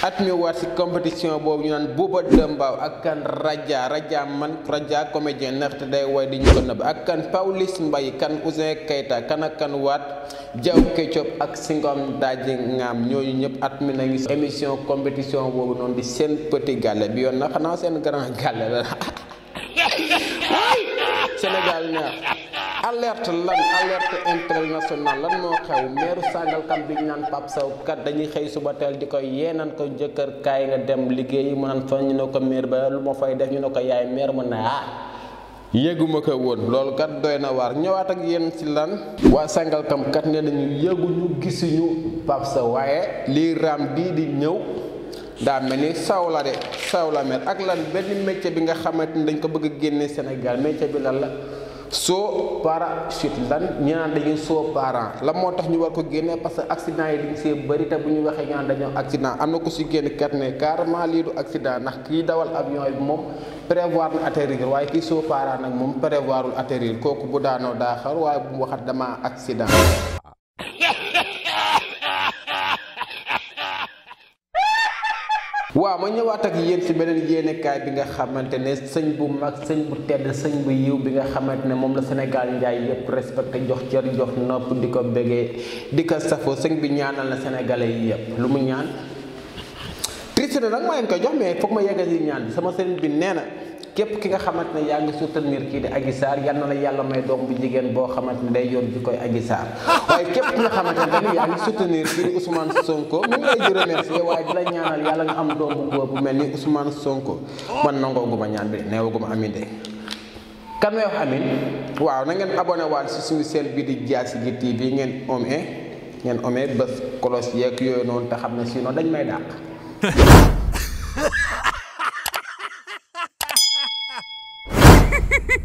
at mi waat si compétition boobu ñu naan Bouba Demba ak kan Raja Raja man Raja comédien ndaxte day way di ñu ko nëbb ak kan Pawlish Mbaye kan Ouzin Keita kan ak waat Diaw Ketchup ak Singom Daaji Ngam ñooñu ñëpp at mi nañu émission compétition boobu noonu di seen petit gàlle bi yoon na xanaa seen grand gàlle la Sénégal neex alerte lan alerte international lan moo xew meeru Sangalkam bi ñu naan Pape Sow kat dañuy xëy suba teel di koy yeenan ko jëkkër kaay nga dem liggéeyi mu naan fan ñu ko meer ba lu ma fay def ñu ne ko yaay meer mu ne ah yëguma ko woon loolu kat doy na waar ñëwaat ak yéen ci lan waa Sangalkam kat nee nañu yëguñu gisuñu Pape Sow waaye lii raam bii di ñëw daa mel ni saw la de saw la mer ak lan benn métier bi nga xamante dañ ko bëgg a Sénégal métier bi lan la soo parachute lan ñu naan dañuy soo parent la moo tax ñu war ko génne parce que accident yi dañ see bëri te bu ñu waxee ñaan dañoo accident am na ko si génn kat ne carrément lii du accident ndax kii dawal avion yi moom prévoir na atterrir waaye kii soo parent nag moom prévoirul attérir kooku bu daanoo daa xar waaye bu mu waxat damaa accident waaw ma ñëwaat ak yéen ci beneen yéenekaay bi nga xamante ne sëñ bu mag sëñ bu tedd sëñ bu yiw bi nga xamante ne moom la Sénégal njaay yépp respecté jox cër jox nopp di ko bégee di ko safoo sëñ bi ñaanal na Sénégalais yi yépp lu mu ñaan triste nag maa leen koy jox mais foog ma yeggal yi ñaan bi sama sëriñ bi nee na képp ki nga xamante ne yaa ngi soutenir kii di Adji Sarr yal na la yàlla may doom bu jigéen boo xamante ne day yor ji koy Adji Sarr waaye képp ki nga xamante ne yaa ngi soutenir kii di Ousmane Sonko mu ngi lay di remercier waaye di la ñaanal yàlla nga am doom bu góor bu mel Ousmane Sonko man nangoo guma ñaan bi neewu guma de kan may wax amin waaw na ngeen abonné waat si suñu seen bii di Diassigui TV ngeen ome ngeen ome bés dañ may